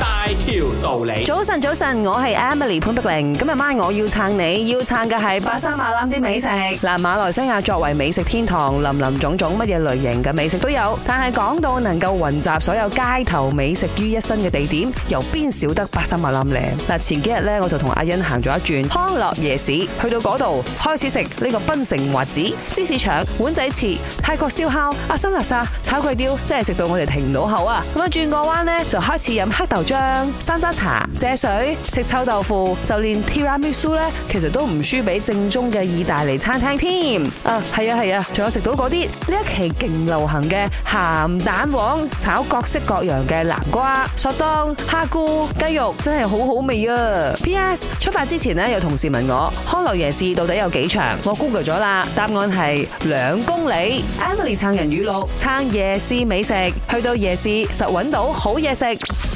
大條道理，早晨，早晨，我係 Emily 潘德玲。今日 MY 我要撐你，要撐嘅係 Pasar Malam 啲美食。嗱，馬來西亞作為美食天堂，林林種種乜嘢類型嘅美食都有。但係講到能夠雲集所有街頭美食於一身嘅地點，由邊少得 Pasar Malam 呢？嗱，前幾日呢，我就同阿欣行咗一轉康樂夜市，去到嗰度開始食呢個檳城滑子、芝士腸、碗仔翅、泰國燒烤、阿參叻沙炒粿條，真係食到我哋停唔到口啊！咁樣，轉個彎呢，就開始飲黑豆。像山楂茶、蔗水、食臭豆腐，就連 tiramisu 呢，其實都唔輸俾正宗嘅意大利餐廳添。啊，係啊係啊，仲有食到嗰啲呢一期勁流行嘅鹹蛋黃炒各式各樣嘅南瓜、索當、蝦菇、雞肉，真係好好味啊！P.S. 出發之前呢，有同事問我康樂夜市到底有幾長？我 Google 咗啦，答案係兩公里。Emily 撐人語錄，撐夜市美食，去到夜市實搵到好嘢食。